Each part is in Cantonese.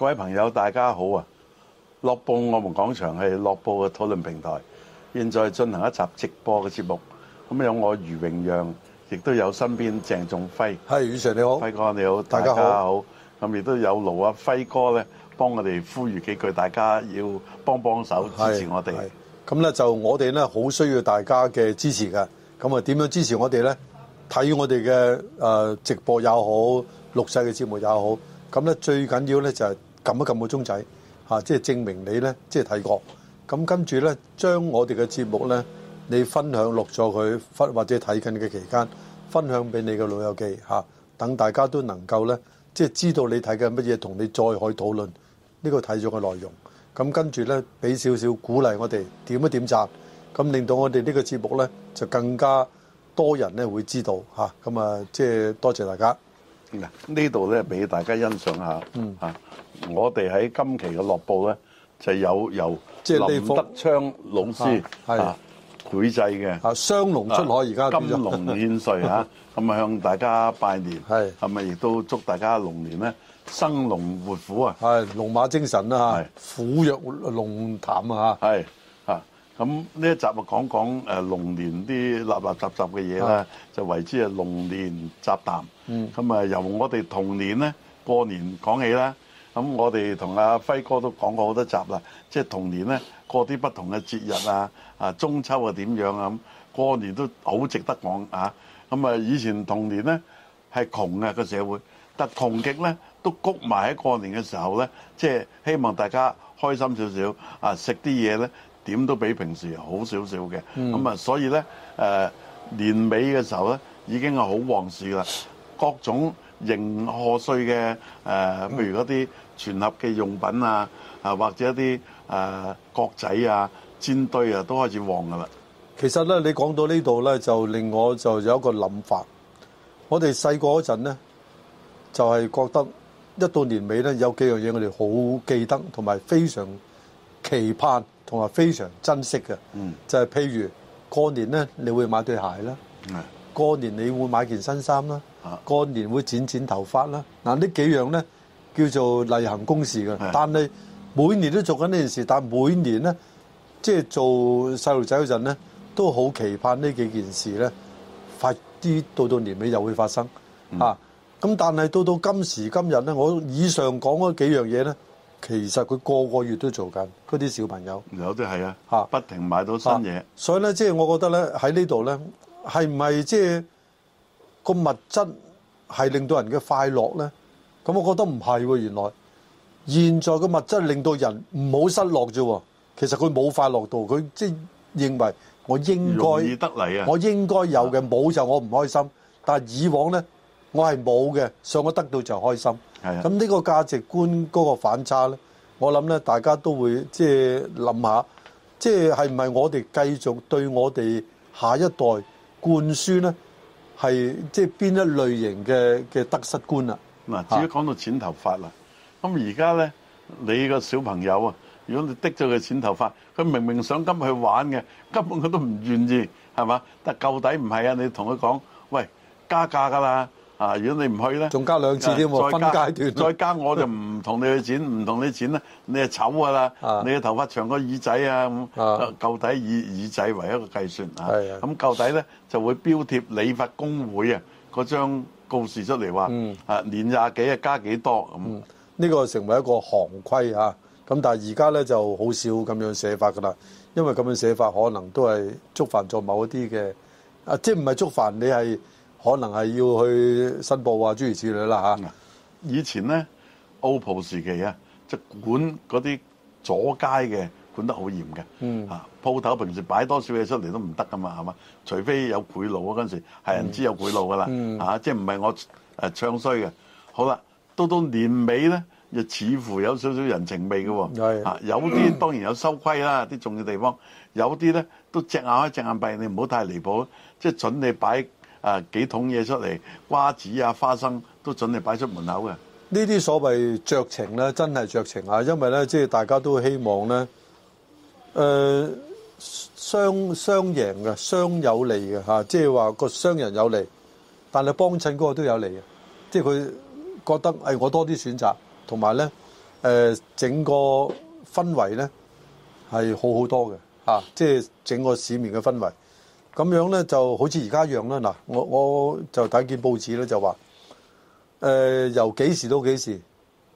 各位朋友，大家好啊！樂報我們講場係樂報嘅討論平台，現在進行一集直播嘅節目。咁有我余榮讓，亦都有身邊鄭仲輝。係，余 Sir 你好，輝哥你好，大家好。咁亦都有盧啊輝哥咧，幫我哋呼籲幾句，大家要幫幫手支持我哋。咁咧就我哋咧好需要大家嘅支持㗎。咁啊點樣支持我哋咧？睇我哋嘅誒直播又好，錄製嘅節目又好。咁咧最緊要咧就係撳一撳個鐘仔，嚇，即係證明你呢，即係睇過。咁跟住呢，將我哋嘅節目呢，你分享錄咗佢，或或者睇緊嘅期間，分享俾你嘅老友記嚇，等大家都能夠呢，即係知道你睇緊乜嘢，同你再可以討論呢個睇咗嘅內容。咁跟住呢，俾少少鼓勵我哋點一點讚，咁令到我哋呢個節目呢，就更加多人呢會知道嚇。咁啊，即係多謝大家。嗱，這呢度咧俾大家欣賞一下嚇，嗯啊。我哋喺今期嘅樂報咧，就有由林，林德昌老師啊繪、啊、製嘅啊，雙龍出海而家金龍獻瑞嚇，咁 啊向大家拜年，咁咪亦都祝大家龍年咧生龍活虎啊，係龍馬精神啊是虎躍龍潭啊咁呢，啊、一集講一講啊講講誒龍年啲立立雜雜嘅嘢啦，是就為之啊龍年雜談。咁啊！嗯、由我哋童年咧過年講起啦。咁我哋同阿輝哥都講過好多集啦。即係童年咧過啲不同嘅節日啊，啊中秋啊點樣啊咁過年都好值得講啊。咁啊，以前童年咧係窮啊個社會，但窮極咧都谷埋喺過年嘅時候咧，即係希望大家開心少少啊，食啲嘢咧點都比平時好少少嘅。咁、嗯、啊，所以咧、呃、年尾嘅時候咧已經係好旺市啦。各種迎賀歲嘅誒，譬如嗰啲全盒嘅用品啊，啊或者一啲誒角仔啊、煎堆啊，都開始旺噶啦。其實咧，你講到呢度咧，就令我就有一個諗法。我哋細個嗰陣咧，就係覺得一到年尾咧，有幾樣嘢我哋好記得，同埋非常期盼，同埋非常珍惜嘅。嗯，就係譬如過年咧，你會買對鞋啦。係，過年你會買件新衫啦。過年會剪剪頭髮啦，嗱呢幾樣咧叫做例行公事嘅。是的 但係每年都做緊呢件事，但每年咧即係做細路仔嗰陣咧，都好期盼呢幾件事咧快啲到到，年尾又會發生、嗯、啊！咁但係到到今時今日咧，我以上講嗰幾樣嘢咧，其實佢個個月都做緊嗰啲小朋友，有啲係啊，吓不停買到新嘢、啊啊，所以咧即係我覺得咧喺呢度咧係唔係即係？個物質係令到人嘅快樂呢，咁我覺得唔係喎。原來現在嘅物質令到人唔好失落啫，其實佢冇快樂到，佢即係認為我應該，我應該有嘅冇就我唔開心。但係以往呢，我係冇嘅，所以得到就開心。咁呢個價值觀嗰個反差呢，我諗呢大家都會即係諗下，即係係唔係我哋繼續對我哋下一代灌輸呢？係即係邊一類型嘅嘅得失觀啊？嗱、啊，至於講到剪頭髮啦，咁而家咧，你個小朋友啊，如果你逼咗佢剪頭髮，佢明明想今日去玩嘅，根本佢都唔願意，係嘛？但係到底唔係啊？你同佢講，喂，加價㗎喇！啊！如果你唔去咧，仲加兩次添、啊、喎，再加分階段。再加我就唔同你去剪，唔同 你剪呢，你係醜噶啦！啊、你嘅頭髮長過耳仔啊！咁、啊，舊底以耳仔為一個計算咁舊、啊、底咧、啊、就會標貼理髮公會啊嗰張告示出嚟話啊年廿幾啊加幾多咁？呢、嗯呢個成為一個行規呀、啊。咁但係而家咧就好少咁樣寫法噶啦，因為咁樣寫法可能都係觸犯咗某一啲嘅啊，即係唔係觸犯你係？可能係要去申報啊，諸如此類啦、啊、以前咧，OPPO 時期、嗯、啊，即管嗰啲阻街嘅管得好嚴嘅，啊鋪頭平時擺多少嘢出嚟都唔得噶嘛，係嘛？除非有賄賂啊，嗰陣時係人知有賄賂噶啦，啊，即唔係我誒唱衰嘅。好啦，到到年尾咧，就似乎有少少人情味嘅喎、啊，是的 啊，有啲當然有收規啦，啲、嗯、重要地方，有啲咧都隻眼開隻眼閉，你唔好太離譜，即、就、準、是、你擺。啊！幾桶嘢出嚟，瓜子啊、花生都準你擺出門口嘅。呢啲所謂酌情咧，真係酌情啊！因為咧，即、就、係、是、大家都希望咧，誒、呃、雙雙贏嘅，雙有利嘅嚇。即係話個商人有利，但係幫襯嗰個都有利嘅。即係佢覺得誒、哎，我多啲選擇，同埋咧誒整個氛圍咧係好好多嘅嚇。即係整個市面嘅氛圍。咁樣咧就好似而家一樣啦。嗱，我我就睇見報紙咧，就話誒由幾時到幾時，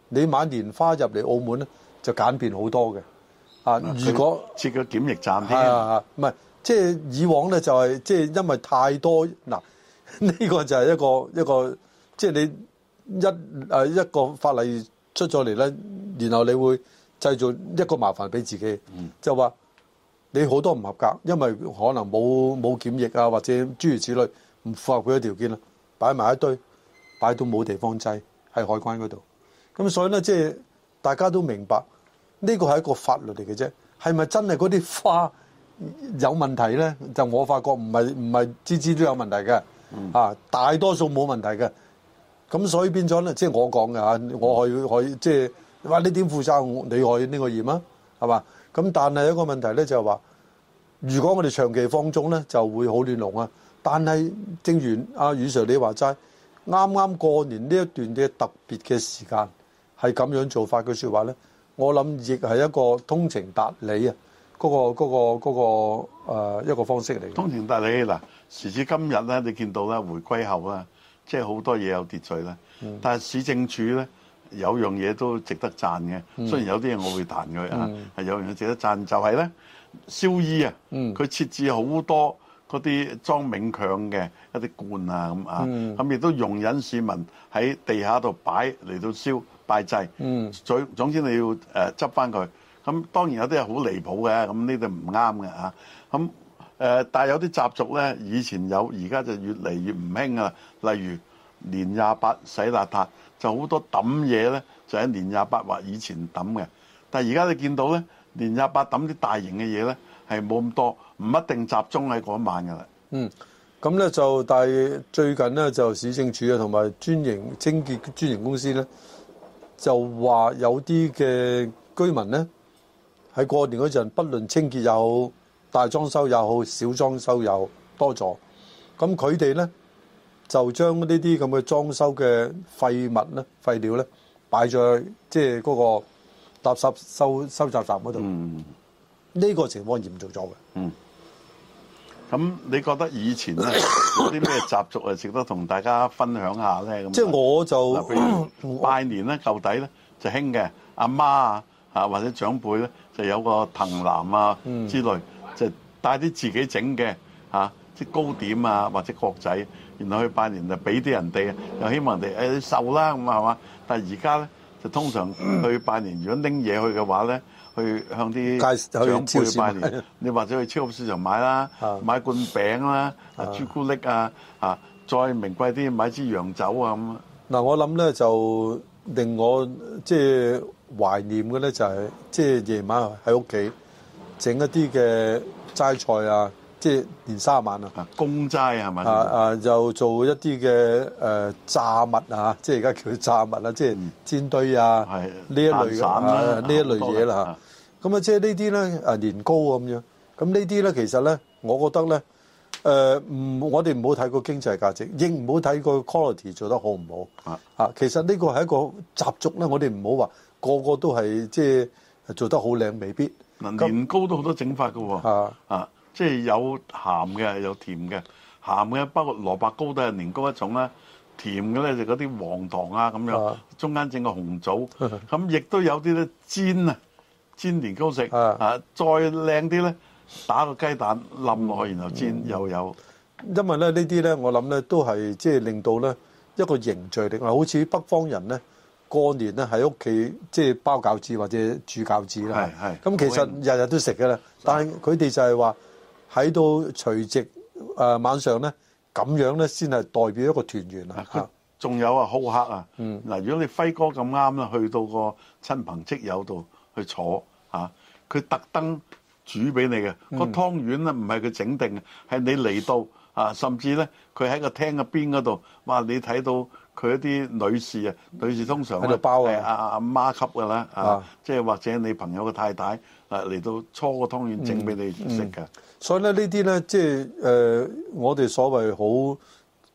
你買年花入嚟澳門咧就簡便好多嘅。啊他，如果設個檢疫站先、啊，唔係即係以往咧就係、係、即係因為太多嗱，呢、呢個就係一個一個即係你一一個法例出咗嚟咧，然後你會製造一個麻煩俾自己，嗯、就話。你好多唔合格，因為可能冇冇檢疫啊，或者諸如此類，唔符合佢嘅條件啦，擺埋一堆，擺到冇地方擠，喺海關嗰度。咁所以咧，即係大家都明白，呢個係一個法律嚟嘅啫。係咪真係嗰啲花有問題咧？就我發覺唔係唔係支支都有問題嘅啊，大多數冇問題嘅。咁所以變咗咧，即係我講嘅嚇，我可以，即係，話你點負責你去呢個驗啊，係嘛？咁但係一個問題咧，就係話，如果我哋長期放縱咧，就會好亂龍啊！但係正如阿宇 Sir 你話齋，啱啱過年呢一段嘅特別嘅時間，係咁樣做法嘅說話咧，我諗亦係一個通情達理啊！嗰個嗰個嗰個誒一個方式嚟嘅。嗯、通情達理嗱，時至今日咧，你見到咧，回歸後啊，即係好多嘢有秩序呢。但係市政處咧。有樣嘢都值得讚嘅，雖然有啲嘢我會彈佢啊，嗯嗯、有樣嘢值得讚，就係咧燒衣啊，佢、嗯、設置好多嗰啲裝勉強嘅一啲罐啊咁啊，咁亦、嗯、都容忍市民喺地下度擺嚟到燒拜祭，總、嗯、總之你要誒執翻佢。咁、呃、當然有啲係好離譜嘅，咁、啊呃、呢度唔啱嘅咁但係有啲習俗咧，以前有，而家就越嚟越唔興喇。例如年廿八洗邋遢。就好多抌嘢咧，就喺年廿八或以前抌嘅。但係而家你見到咧，年廿八抌啲大型嘅嘢咧，係冇咁多，唔一定集中喺嗰晚噶啦。嗯，咁咧就但係最近咧就市政署啊同埋專營清潔專營公司咧，就話有啲嘅居民咧喺過年嗰陣，不論清潔又好，大裝修又好，小裝修又好，多咗，咁佢哋咧。就將呢啲咁嘅裝修嘅廢物咧、廢料咧擺在即係嗰個垃圾收收集站嗰度。嗯，呢個情況嚴重咗嘅。嗯。咁你覺得以前咧有啲咩習俗係值得同大家分享下咧？咁即係我就拜年咧、舊底咧就興嘅。阿媽啊啊或者長輩咧就有個藤籃啊之類，嗯、就帶啲自己整嘅嚇。啊即糕點啊，或者角仔，然後去拜年就俾啲人哋，又希望人哋誒受啦咁啊嘛。但係而家咧，就通常去拜年，如果拎嘢去嘅話咧，去向啲長輩去拜年，你或者去超級市場買啦，買罐餅啦，啊朱古力啊，啊再名貴啲買支洋酒啊咁。嗱，我諗咧就令我即懷念嘅咧就係即夜晚喺屋企整一啲嘅齋菜啊。即係年卅晚啊，公齋係咪？啊啊，又做一啲嘅誒炸物啊，即係而家叫佢炸物啦，即係煎堆啊呢一類嘅呢一類嘢啦。咁啊，即係呢啲咧啊年糕咁樣。咁呢啲咧，其實咧，我覺得咧，誒，唔我哋唔好睇個經濟價值，亦唔好睇個 quality 做得好唔好啊啊。其實呢個係一個習俗咧，我哋唔好話個個都係即係做得好靚，未必嗱，年糕都好多整法噶，啊啊！即係有鹹嘅，有甜嘅。鹹嘅包括蘿蔔糕都係年糕一種啦。甜嘅咧就嗰啲黃糖啊咁樣，是的 中間整個紅棗。咁亦都有啲咧煎啊，煎年糕食啊。是的 再靚啲咧，打個雞蛋冧落去，然後煎、嗯、又有。因為咧呢啲咧，我諗咧都係即係令到咧一個凝聚力。啊，好似北方人咧過年咧喺屋企即係包餃子或者煮餃子啦。係係。咁其實日日都食㗎啦，所以 但係佢哋就係話。睇到除夕誒晚上咧，咁樣咧先係代表一個團圓啊！仲有啊好客啊，嗱，嗯、如果你輝哥咁啱咧，去到個親朋戚友度去坐嚇，佢特登煮俾你嘅、個湯圓咧，唔係佢整定嘅，係你嚟到嚇、啊，甚至咧佢喺個廳嘅邊嗰度，哇！你睇到。佢一啲女士啊，女士通常咧，喺度包嘅，阿阿媽級嘅啦，啊，即、啊、係、啊、或者你朋友嘅太太啊嚟到初搓個湯圓整俾你食嘅、嗯嗯。所以咧呢啲咧，即係誒，我哋所謂好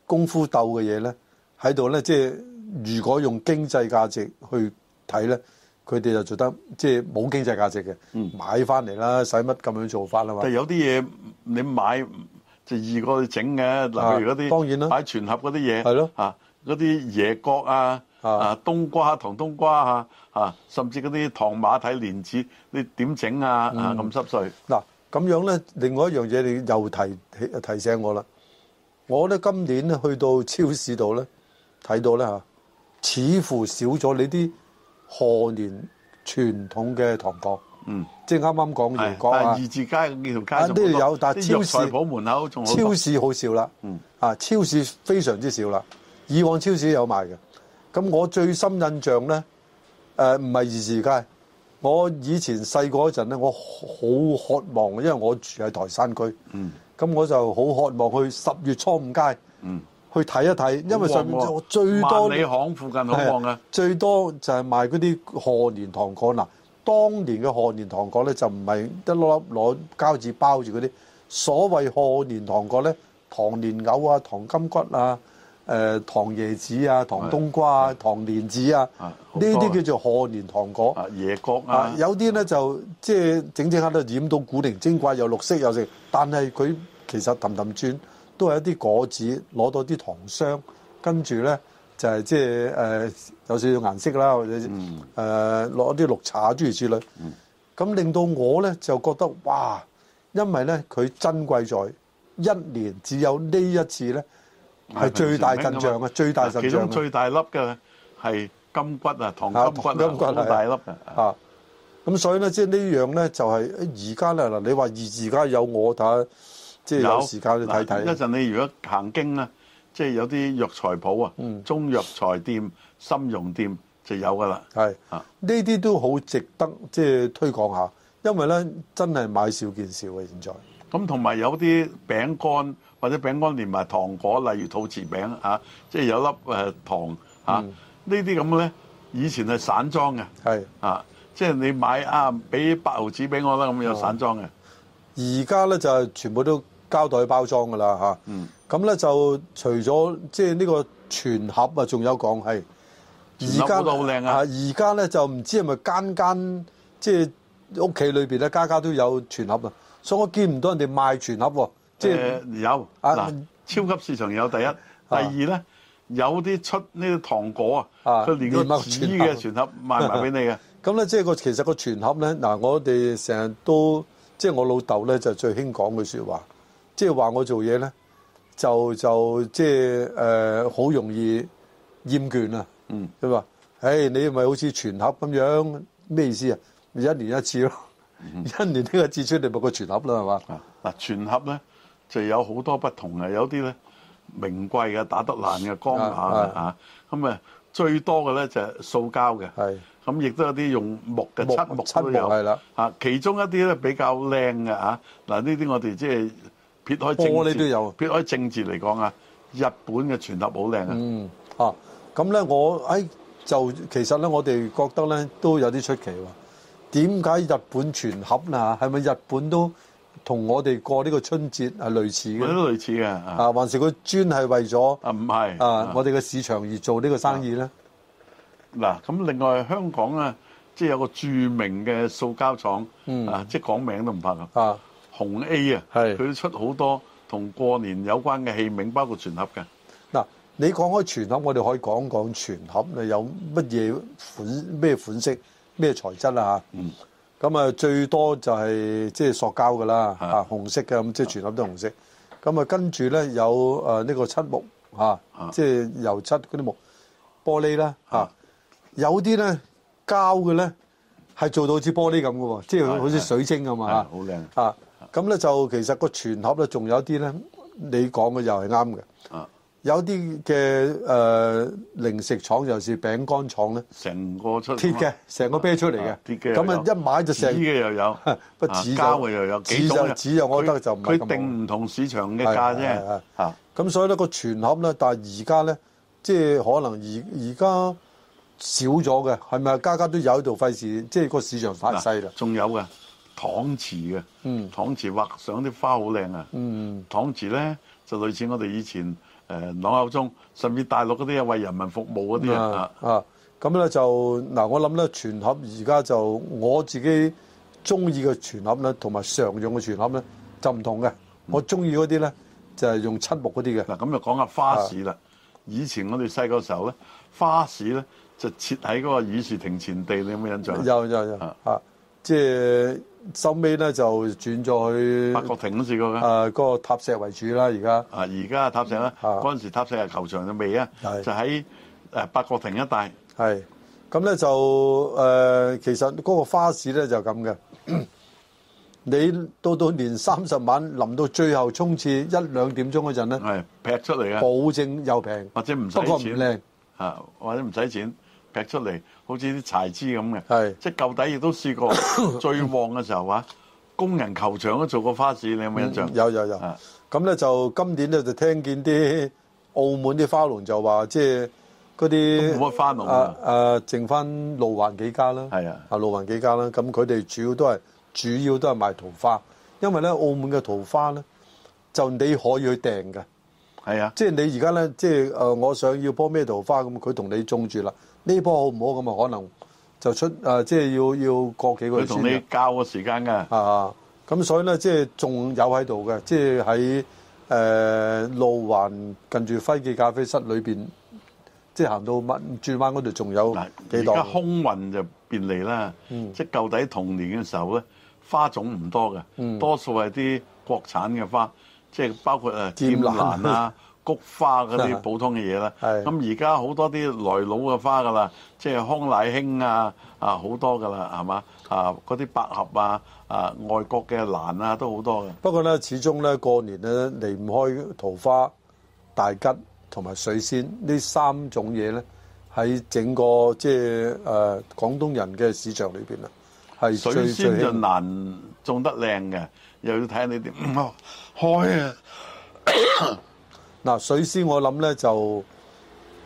功夫鬥嘅嘢咧，喺度咧，即、就、係、是、如果用經濟價值去睇咧，佢哋就做得即係冇經濟價值嘅，嗯、買翻嚟啦，使乜咁樣做法啦，但係有啲嘢你買就易過去整嘅，例如嗰啲、啊、當然啦，買全盒嗰啲嘢係咯，啊嗰啲椰角啊，啊冬瓜糖冬瓜啊，啊甚至嗰啲糖馬蹄蓮子，你點整啊？啊咁濕碎嗱咁樣咧，另外一樣嘢你又提提醒我啦。我咧今年去到超市度咧睇到咧吓似乎少咗你啲賀年傳統嘅糖果。嗯，即係啱啱講椰果、啊、二字街嘅店街就有，有，但係超市、門口超市好少啦。嗯，啊超市非常之少啦。以往超市有賣嘅，咁我最深印象呢，誒唔係二時街，我以前細個嗰陣咧，我好渴望因為我住喺台山區，咁、嗯、我就好渴望去十月初五街、嗯、去睇一睇，因為上面我最多萬里行附近好旺嘅，最多就係賣嗰啲賀年糖果嗱，當年嘅賀年糖果呢，就唔係一粒粒攞膠紙包住嗰啲，所謂賀年糖果呢，糖蓮藕啊，糖金骨啊。誒糖、呃、椰子啊，糖冬瓜啊，糖蓮子啊，呢啲、啊、叫做賀年糖果、椰角啊，啊，啊，有啲咧就即係、就是、整整下都染到古靈精怪，又綠色又成。但係佢其實氹氹轉都係一啲果子，攞到啲糖霜，跟住咧就係即係誒有少少顏色啦，或者誒攞啲綠茶諸如此類。咁、嗯、令到我咧就覺得哇，因為咧佢珍貴在一年只有呢一次咧。係最大印象嘅，最大其中最大粒嘅係金骨，金骨啊，糖骨金骨好大粒啊！咁所以咧，即呢樣咧就係而家咧嗱，你話而而家有我睇，即有時間去睇睇。一陣你如果行經咧，即有啲藥材鋪啊，中藥材店、參茸店就有㗎喇。係，呢啲都好值得即、就是、推廣一下，因為咧真係買少見少嘅現在。咁同埋有啲餅乾或者餅乾連埋糖果，例如肚司餅啊，即係有粒糖啊，嗯、呢啲咁嘅咧，以前係散裝嘅，係啊，即係你買啊，俾八毫紙俾我啦，咁有散裝嘅。而家咧就全部都膠袋包裝噶啦，嚇、啊。嗯。咁咧就除咗即係呢個全盒啊，仲有講係，而家老靚啊，而家咧就唔知係咪間間即係屋企裏面咧，家家都有全盒啊。所以我見唔到人哋賣全盒喎、哦呃，即係有啊，超級市場有第一，第二咧有啲出呢個糖果啊，佢連嘅全盒賣埋俾你嘅、啊。咁咧即係個其實個全盒咧嗱，我哋成日都即係、就是、我老豆咧就最興講句說話，即係話我做嘢咧就就即係誒好容易厭倦啊，佢話：，唉，嗯 hey, 你咪好似全盒咁樣咩意思啊？一年一次咯。嗯、一年呢個至出嚟冇個全盒啦係嘛？嗱全盒咧就有好多不同嘅，有啲咧名貴嘅，打得爛嘅，光滑嘅咁啊最多嘅咧就係、是、塑膠嘅，咁亦都有啲用木嘅漆木，木都有。嚇、啊，其中一啲咧比較靚嘅嗱呢啲我哋即係撇開政治都有，撇開政治嚟講啊，日本嘅全盒好靚啊。嗯，咁、啊、咧我喺就其實咧我哋覺得咧都有啲出奇喎。點解日本全盒啦？係咪日本都同我哋過呢個春節係類似嘅？都類似嘅，啊，還是佢專係為咗啊？唔係啊，我哋嘅市場而做呢個生意咧。嗱，咁另外香港咧，即係有個著名嘅塑膠廠，嗯，啊，即係講名都唔怕嘅，啊，紅 A 啊，係佢都出好多同過年有關嘅器皿，包括全盒嘅。嗱，你講開全盒，我哋可以講講全盒咧，有乜嘢款咩款式？咩材質啊？嚇，咁啊最多就係即係塑膠噶啦，嚇紅色嘅咁即係全盒都紅色。咁啊跟住咧有誒呢個漆木嚇，即係油漆嗰啲木玻璃啦嚇。有啲咧膠嘅咧係做到好似玻璃咁嘅喎，即係好似水晶咁啊。好靚啊！咁咧就其實個全盒咧仲有啲咧，你講嘅又係啱嘅。有啲嘅誒零食廠又是餅乾廠咧，成個出嚟鐵嘅，成個啤出嚟嘅，咁啊、啊、啊、啊一買就成紙嘅又有， 不過紙交匯又有，紙又我覺得就唔係佢定唔同市場嘅價啫，咁、啊、所以咧個全盒咧，但係而家咧即係可能而而家少咗嘅，係咪家家都有喺度費事，即係、就是、個市場發勢啦。仲、啊、有嘅搪瓷嘅，搪瓷畫上啲花好靚啊！搪瓷咧就類似我哋以前。誒朗口中，甚至大陸嗰啲又為人民服務嗰啲啊啊！咁咧就嗱，我諗咧全盒而家就我自己中意嘅全盒咧，同埋常用嘅全盒咧就唔同嘅。嗯、我中意嗰啲咧就係、是、用漆木嗰啲嘅。嗱，咁就講下花市啦。是以前我哋細個時候咧，花市咧就設喺嗰個議事亭前地，你有冇印象？有有有啊！即係。收尾咧就轉咗去八角亭都試過嘅，誒嗰個塔石為主啦，而家啊而家塔石啦，嗰陣時塔石係球場就未啊，就喺誒八角亭一帶。係，咁咧就誒其實嗰個花市咧就咁嘅，你到到年三十晚臨到最後衝刺一兩點鐘嗰陣咧，係劈出嚟嘅，保證又平，或者唔使錢不過唔靚啊，或者唔使錢。出嚟好似啲柴枝咁嘅，是即係舊底亦都試過最旺嘅時候啊！ 工人球場都做過花市，你有冇印象？有有、嗯、有。咁咧是就今年咧就聽見啲澳門啲花農就話，即係嗰啲冇乜花農啊，啊，啊剩翻路環幾家啦。係啊，啊路環幾家啦。咁佢哋主要都係主要都係賣桃花，因為咧澳門嘅桃花咧就你可以去訂嘅。係啊，即係你而家咧，即係我想要棵咩桃花咁，佢同你種住啦。呢波好唔好咁啊？可能就出、呃、即係要要過幾個月同你交個時間㗎。啊，咁所以咧，即係仲有喺度嘅，即係喺誒路環近住輝記咖啡室裏面，即係行到轉彎嗰度，仲有幾朵。而家空運就便利啦。嗯、即係舊底童年嘅時候咧，花種唔多嘅，嗯、多數係啲國產嘅花，即係包括誒劍蘭啊。菊花嗰啲普通嘅嘢啦，咁而家好多啲來路嘅花噶啦，即係康乃馨啊，啊好多噶啦，係嘛啊，嗰啲百合啊，啊外國嘅蘭啊都好多嘅。不過咧，始終咧過年咧離唔開桃花、大吉同埋水仙呢三種嘢咧，喺整個即係誒廣東人嘅市場裏邊啦，係水仙就難種得靚嘅，的又要睇你點開啊！ 嗱，水仙我諗咧就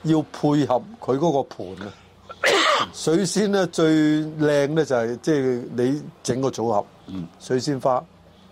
要配合佢嗰個盆啊！ 水仙咧最靚咧就係即係你整個組合，水仙花、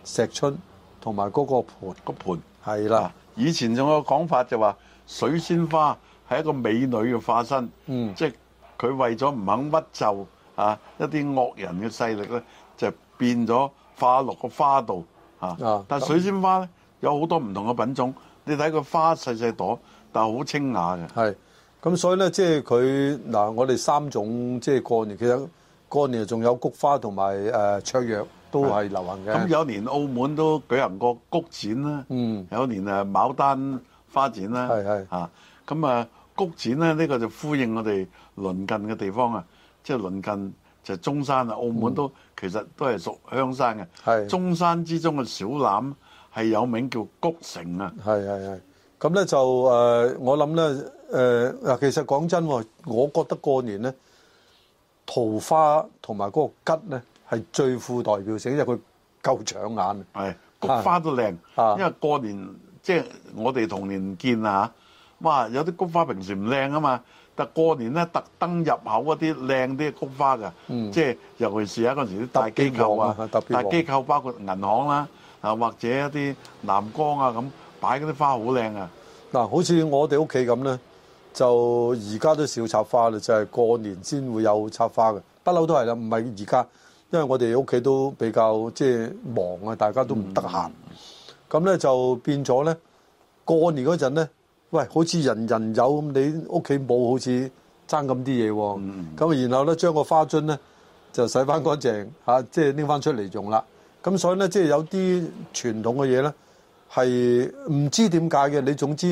石春同埋嗰個盆，個盆係啦。以前仲有講法就話水仙花係一個美女嘅化身，嗯、即係佢為咗唔肯屈就啊一啲惡人嘅勢力咧，就變咗化落個花度啊！但水仙花咧有好多唔同嘅品種。你睇個花細細朵，但係好清雅嘅。咁所以咧，即係佢嗱，我哋三種即係過年，其實過年仲有菊花同埋誒芍藥都係流行嘅。咁有年澳門都舉行過菊展啦，嗯，有年誒牡丹花展啦，咁啊，菊展咧呢、呢個就呼應我哋鄰近嘅地方啊，即、就、係、係、鄰近就中山啦，澳門都、嗯、其實都係屬香山嘅。係，中山之中嘅小欖。係有名叫菊城啊！係係係，咁咧就誒，我諗咧誒，嗱，其實講真，我覺得過年咧，桃花同埋嗰個桔咧，係最富代表性，因為佢夠搶眼。係，菊花都靚，因為過年即係我哋同年唔見啊！哇，有啲菊花平時唔靚啊嘛，但係過年咧特登入口嗰啲靚啲菊花㗎。嗯，即係尤其是啊嗰陣時啲大機構啊，大機構包括銀行啦。啊，或者一啲南光啊咁擺嗰啲花好靚啊！嗱，好似我哋屋企咁咧，就而家都少插花啦，就係、是、過年先會有插花嘅，不嬲都係啦，唔係而家，因為我哋屋企都比較即係、就是、忙啊，大家都唔得閒。咁咧、嗯嗯、就變咗咧，過年嗰陣咧，喂，好似人人有咁，你屋企冇好似爭咁啲嘢喎。咁、嗯嗯、然後咧將個花樽咧就洗翻乾淨吓，即係拎翻出嚟用啦。咁所以咧，即係有啲傳統嘅嘢咧，係唔知點解嘅。你總之，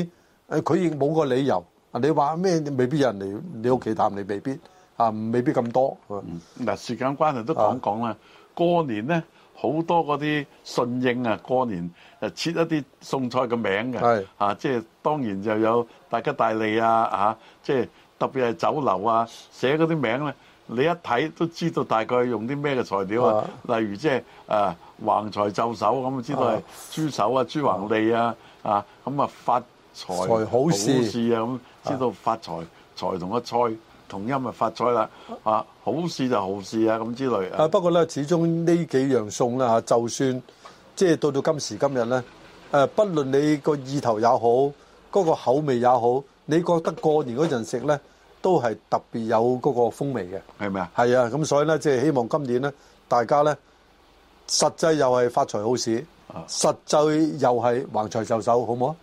誒佢亦冇個理由。你話咩？未必有人嚟你屋企探你，未必啊，未必咁多。嗱，時間關係都講講啦。過年咧，好多嗰啲順應啊，過年誒設一啲餸菜嘅名嘅。係。啊，即係當然就有大吉大利啊！啊，即係特別係酒樓啊，寫嗰啲名咧。你一睇都知道大概用啲咩嘅材料啊，啊例如即係誒橫財咒手就手咁知道係、啊、豬手啊、豬橫脷啊，啊咁啊發財好事啊咁，啊啊知道發財財同個菜同音咪發財啦、啊，啊好事就好事啊咁之類啊。不過咧，始終呢幾樣餸啦嚇就算即係、就是、到到今時今日咧，誒，不論你個意頭也好，嗰、那個口味也好，你覺得過年嗰陣食咧？都係特別有嗰個風味嘅，係咪啊？係啊，咁所以咧，即係希望今年咧，大家咧，實際又係發財好市，實際又係橫財就手，好唔好啊？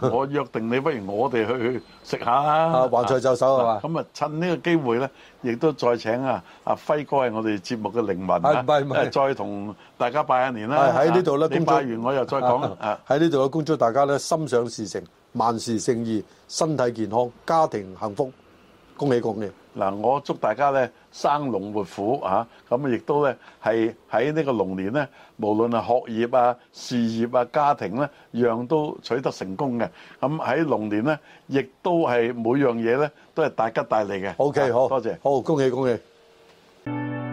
嗱，我約定你，不如我哋去食下啊！橫財就手係嘛？咁啊，趁呢個機會咧，亦都再請啊阿輝哥係我哋節目嘅靈魂啦，再同大家拜一年啦！喺呢度啦，你拜完我又再講喺呢度，我恭祝大家咧心想事成，萬事勝意，身體健康，家庭幸福。恭喜恭喜！嗱，我祝大家咧生龍活虎嚇，咁亦都咧係喺呢個龍年咧，無論係學業啊、事業啊、家庭咧，樣都取得成功嘅。咁喺龍年咧，亦都係每樣嘢咧都係大吉大利嘅。OK，好，多謝。好，恭喜恭喜！